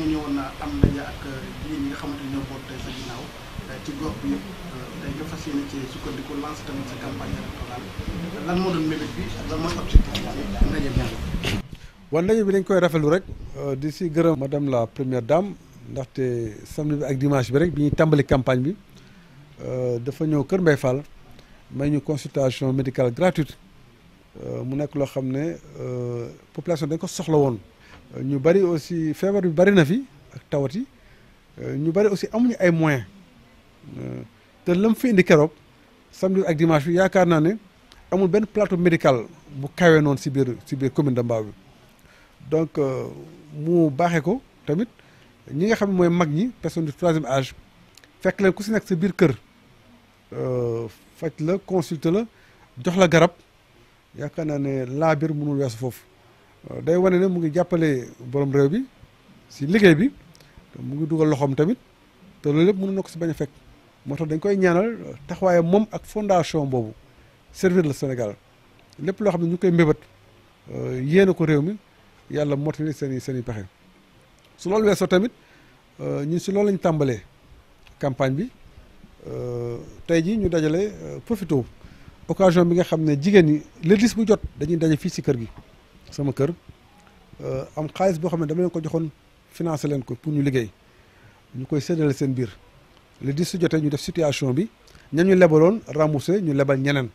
dañu ndaje bi dañ koy rafetlu rek euh, di si gërëm madame la première dame ndaxte samedi bi ak dimanche bi rek bi ñuy tàmbali campagne bi euh, dafa ñëw Kër Mbaye Fall may ñu consultation médicale gratuite euh, mu nekk loo xam ne population dañ ko soxla woon ñu bari aussi feebar bi bari na fi ak tawat ñu bari aussi amuñu ay moyens te lam fi indi keroog samedi ak dimanche bi yaakaar naa ne amul benn plateau médical bu kawe noonu si biir si biir commune de Mbao bi donc euh, mu baaxe ko tamit ñi nga xam mooy mag ñi personne du troisième âge fekk leen ku si nekk sa biir kër euh, faj la consulter la jox la garab yaakaar naa ne laa biir mënul weesu foofu day wane ne mu ngi jàppale borom réew bi si liggéey bi mu ngi dugal loxoom tamit te loolu lépp mënu na ko si bañ a fekk moo tax dañ koy ñaanal taxawaayam moom ak fondation boobu servir le Sénégal lépp loo xam ne ñu koy mbébét euh, yéene ko réew mi yàlla motali seen i seen i pexe su loolu weesoo tamit euh, ñun si loolu lañ tàmbalee campagne bi euh, tey ji ñu dajale profito occasion bi nga xam ne jigéen ñi le 10 bu jot dañuy daje fii si kër gi. sama kër am xaalis boo xam ne dama leen ko joxoon financé leen ko pour ñu liggéey ñu koy séddale seen biir le di su jotee ñu def situation bi ña ñu lebaloon remboursé ñu lebal ñeneen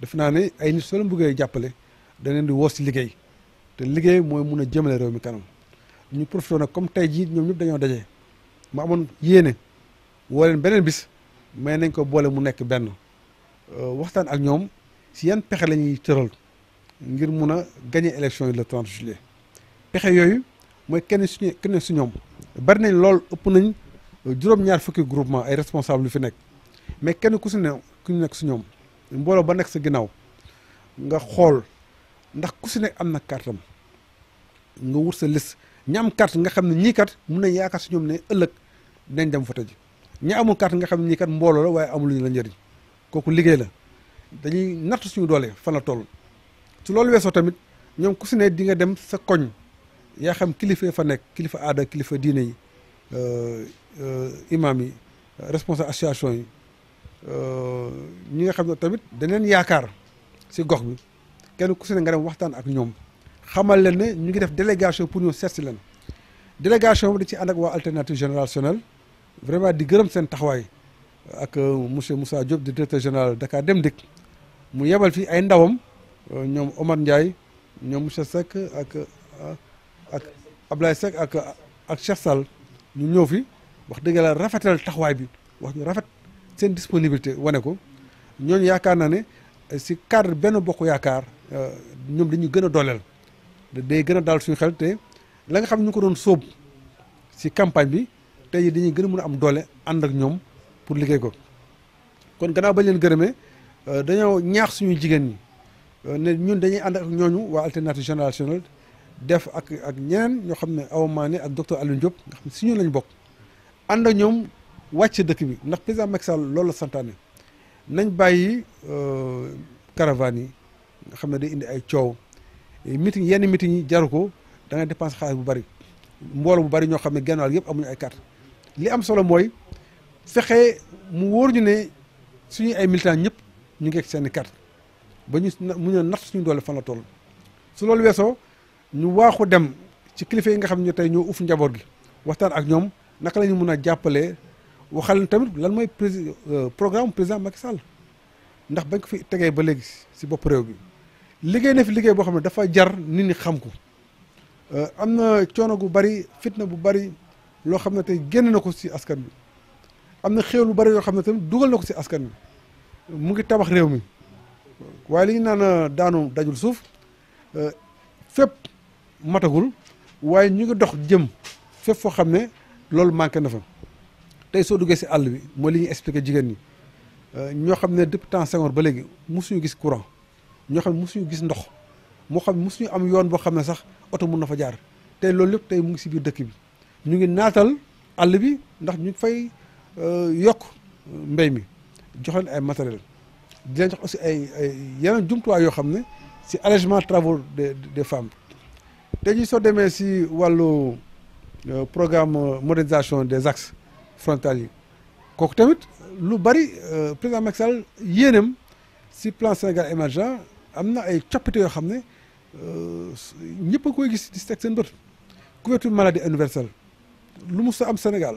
def naa ne ay nit soo leen bëggee jàppale da leen di woo si liggéey te liggéey mooy mun a jëmale réew mi kanam ñu profité nag comme tey jii ñoom ñëpp dañoo daje ma amoon yéene woo leen beneen bis mais nañ ko boole mu nekk benn waxtaan ak ñoom si yan pexe la ñuy tëral. ngir mun a gagner élection yi le 30 juillet pexe yooyu mooy kenn suñu kenn su ñoom bari nañ lool ëpp nañ euh, juróom-ñaar fukki groupement ay responsable lu fi nekk mais kenn ku su ne ku nekk si ñoom mbooloo ba nekk sa ginnaaw nga xool ndax ku si nekk am na kartam nga wut sa liste ñi am carte nga xam ne ñii kat mun nañ yaakaar si ñoom ne ëllëg dinañ dem vote ji ñi amul nga xam ñii kat mbooloo la waaye amul ñu la njariñ kooku liggéey la dañuy natt suñu doole fan la toll su loolu weesoo tamit ñoom ku si di nga dem sa koñ yaa xam kilifa fa nekk kilifa aada kilifa diine yi euh, euh, imam yi responsable association yi euh, ñi nga xam ne tamit daneen yaakaar si gox bi kenn ku si nga dem waxtaan ak ñoom xamal leen ne ñu ngi def délégation pour ñu seet si leen délégation bi da ci ànd ak waa alternative générationnelle vraiment di gërëm seen taxawaay ak monsieur Moussa Diop di directeur général Dakar Dem Dikk mu yebal fii ay ndawam Euh, ñoom Omar Ndiaye ñoom monsieur Seck ak ak Ablaye Seck ak ak Cheikh ñu ñëw fi wax dëgg la rafetal taxawaay bi wax ñu rafet seen disponibilité wane ko ñooñu yaakaar naa ne si cadre benn bokk yaakaar euh, ñoom dañuy gën a dooleel day gën a daal suñu xel te la nga xam ñu ko doon sóob si campagne bi tey dañuy gën a mun a am doole ànd ak ñoom pour liggéey ko kon gannaaw ba leen gërëmee euh, dañoo ñaax suñuy jigéen ñi Euh, ne ñun dañuy ànd ak ñooñu waa alternative générationnelle def ak ak ñeneen ñoo xam ne Awa ak docteur Alioune Diop nga xam ne si ñun lañ bokk ànd ak ñoom wàcc dëkk bi ndax président Macky Sall loolu la santaane nañ bàyyi euh, caravanes yi nga xam ne day indi ay coow meeting yenn meeting yi jaru ko da ngay dépense bu bari mbooloo bu bari ñoo xam ne genn wàll yëpp amuñu ay carte li am solo mooy fexe mu wóor ñu ne suñuy ay militants ñëpp ñu ngi ak seen ba ñu mun a natt suñu doole fan la toll su loolu weesoo ñu waaxu dem ci kilifa yi nga xam ne tey ñoo uf njaboot gi waxtaan ak ñoom naka la ñu mun a jàppalee waxal tamit lan mooy prési euh, programme président Macky Sall ndax bañ ko fi tegee ba léegi si bopp réew bi liggéey na fi liggéey boo xam ne dafa jar nit ñi xam ko euh, am na coono gu bari fitna bu bari loo xam ne tey génn na ko si askan bi am na xéewal bu bari yoo xam ne tamit dugal na ko si askan bi mu ngi tabax réew mi waaye li ñu naan euh, daanu dajul suuf euh, fépp matagul waaye ñu ngi dox jëm fépp foo xam ne loolu manqué na fa tey soo duggee si àll bi mooy li ñuy expliqué jigéen ñi euh, ñoo xam ne dëpp temps Senghor ba léegi mosuñu gis courant ñoo xam ne mosuñu gis ndox moo xam ne mosuñu am yoon boo xam ne sax oto mun na fa jaar tey loolu lépp tey mu ngi si biir dëkk bi ñu ngi naatal àll bi ndax ñu fay yokk mbéy mi jox ay matériel di jox aussi ay ay yeneen jumtuwaay yoo xam ne si allègement travaux des des femmes te ji soo demee si wàllu euh, programme euh, modernisation des axes frontaliers kooku tamit lu bari euh, président Macky Sall yéenam si plan Sénégal émergent am na ay coppite yoo xam ne ñëpp a koy gis di seen bët couverture maladie universelle lu mu sa am Sénégal.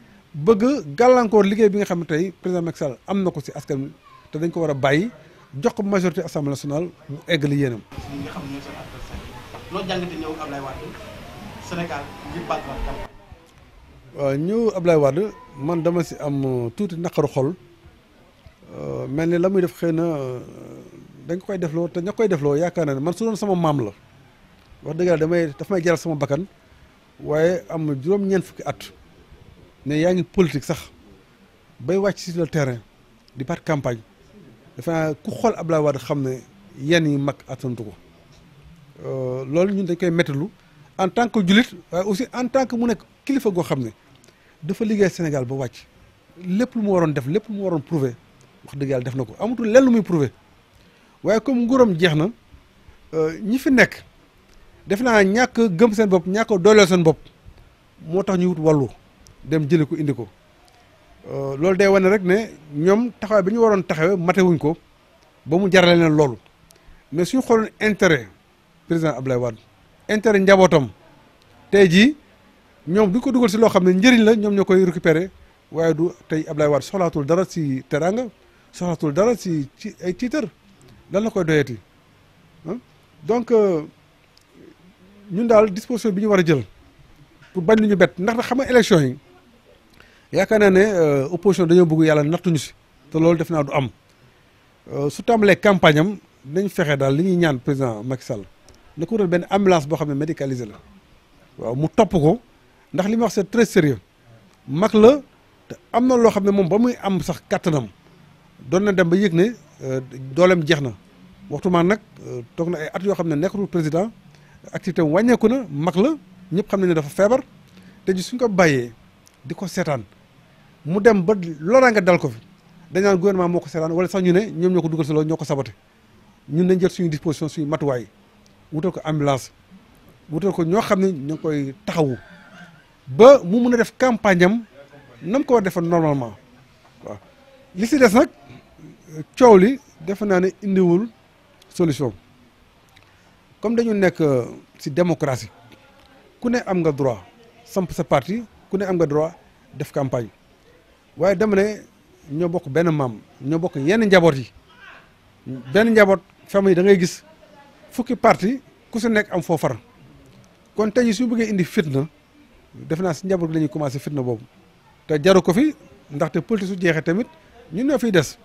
bëgg galankor liggéey bi nga xam ne tey président Macky Sall am na ko ci askan wi te dañ ko war a bàyyi jox ko majorité assemblée nationale mu eggali yéenam. ñi nga xam ne ñooy seen Sénégal ngir bàttuwaat campagne. waaw ñëw Ablaye Wade man dama si am euh, tuuti naqaru xol euh, mel ni la muy def xëy na euh, dañ koy defloo te ña koy defloo yaakaar naa man su doon sama maam la wax dëgg yàlla damay daf may jaral sama bakkan waaye am juróom-ñeent fukki at. ne yaa ngi politique sax bay wàcc si le terrain di part campagne defe naa ku xool Abdoulaye Wade xam ne yan yi mag attantu ko euh, loolu ñun dañ koy méttalu en tant que julit waaye aussi en tant que mu nekk kilifa goo xam ne dafa liggéey Sénégal ba wàcc lépp lu mu waroon def lépp lu mu waroon prouver wax dëgg yàlla def na ko amatul lenn lu muy prouver waaye comme nguuram jeex na euh, ñi fi nekk def naa ñàkk gëm seen bopp ñàkk dooleel seen bopp moo tax ñu wut wàllu dem jëli ko indi ko euh, loolu day wane rek ne ñoom taxawaay bi ñu waroon taxawee matewuñ ko ba mu jarale leen loolu mais suñu xooloon intérêt président Ablaye Wade intérêt njabootam tey jii ñoom du ko duggal si loo xam ne njëriñ la ñoom ñoo koy récupérer waaye du tey Ablaye Wade soxlaatul dara si teraanga soxlaatul dara si ci ay tiitar lan la koy doyati donc euh, ñun daal disposition bi ñu war a jël pour bañ lu ñu bett ndax xam nga élection yi. yaakaar naa ne euh, opposition dañoo bëgg yàlla nattuñu si te loolu def naa du am euh, su tàmbalee campagne am dañ fexe daal li ñuy ñaan président Macky Sall na ko wutal benn ambulance boo xam ne médicalisé la waaw mu topp ko ndax li ma wax c'est très sérieux mag la te am na loo xam ne moom ba muy am sax kattanam doon na dem ba yëg ne euh, dooleem jeex na waxtu maa nag toog na ay at yoo xam ne nekkatul président activité wàññeeku na mag la ñëpp xam ne dafa feebar te ji suñ ko bàyyee di ko seetaan mu dem ba loraa nga dal ko fi dañ naan gouvernement moo ko seetaan wala sax ñu ne ñoom ñoo ko dugal si ñoo ko saboté ñun dañ jël suñu disposition suñu matuwaay wutal ko ambulance wutal ko ñoo xam ne ñoo ngi koy taxawu ba mu mun a def campagne am nam ko war defoon normalement waaw li si des nag coow li defe naa ne indiwul solution comme dañu nekk euh, si démocratie ku ne am nga droit samp sa parti ku ne am nga droit def campagne waaye dama ne ñoo bokk benn maam ñoo bokk yenn njaboot yi benn njaboot famille da ngay gis fukki parti ku si nekk am foo far kon tey su bëggee indi fitna def naa si njaboot gi la ñuy commencé fitna boobu te jaru ko fi ndaxte politique su jeexee tamit ñun ne fiy des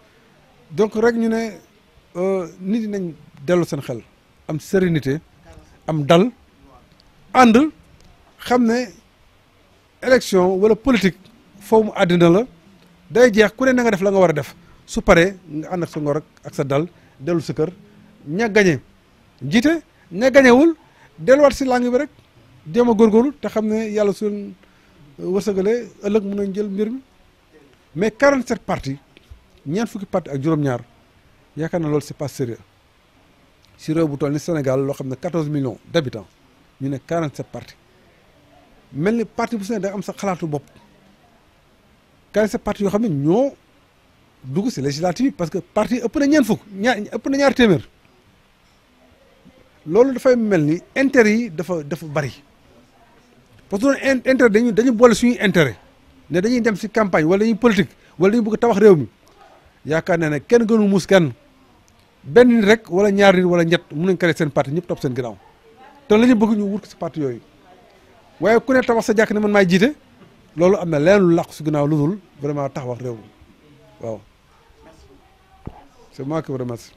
donc rek ñu ne euh, nit yi nañ dellu seen xel am sérénité am dal ànd xam ne élection wala politique foofu mu àddina la day jeex ku ne na nga def la nga war a def su paree nga ànd ak sa ngor ak sa dal dellu sa kër ña gañe jiite ña gañewul delluwaat si langue bi rek jéem a góorgóorlu te xam ne yàlla suñ wërsëgalee ëllëg mun nañ jël mbir mi mais 47 partis ñeent fukki parti ak juróom-ñaar yaakaar na loolu c'est pas sérieux si bu toll ni Sénégal loo xam ne 14 millions d'habitants ñu ne 47 partis mel ni parti bu Sénégal da am sa xalaatu bopp. qualifié parti yo xamni ño dugg ci législatif parce que parti ëpp na ñen fuk ñaar ëpp na ñaar témèr lolu da fay melni intérêt yi dafa dafa bari parce que intérêt dañu dañu boole suñu intérêt né dañuy dem ci campagne wala dañuy politique wala dañuy bëgg tawax réew mi yaakaar na né kenn gënu mus kenn ben nit rek wala ñaar nit wala ñet mun ñu créer seen parti ñëpp top seen ginnaaw té lañu bëgg ñu wurk ci parti yoy waye ku ne tawax sa jakk ne man may jité loolu am na leen lu làqu si ginnaaw lu dul vraiment taxawal réew mi waaw c'est moi qui vous remercie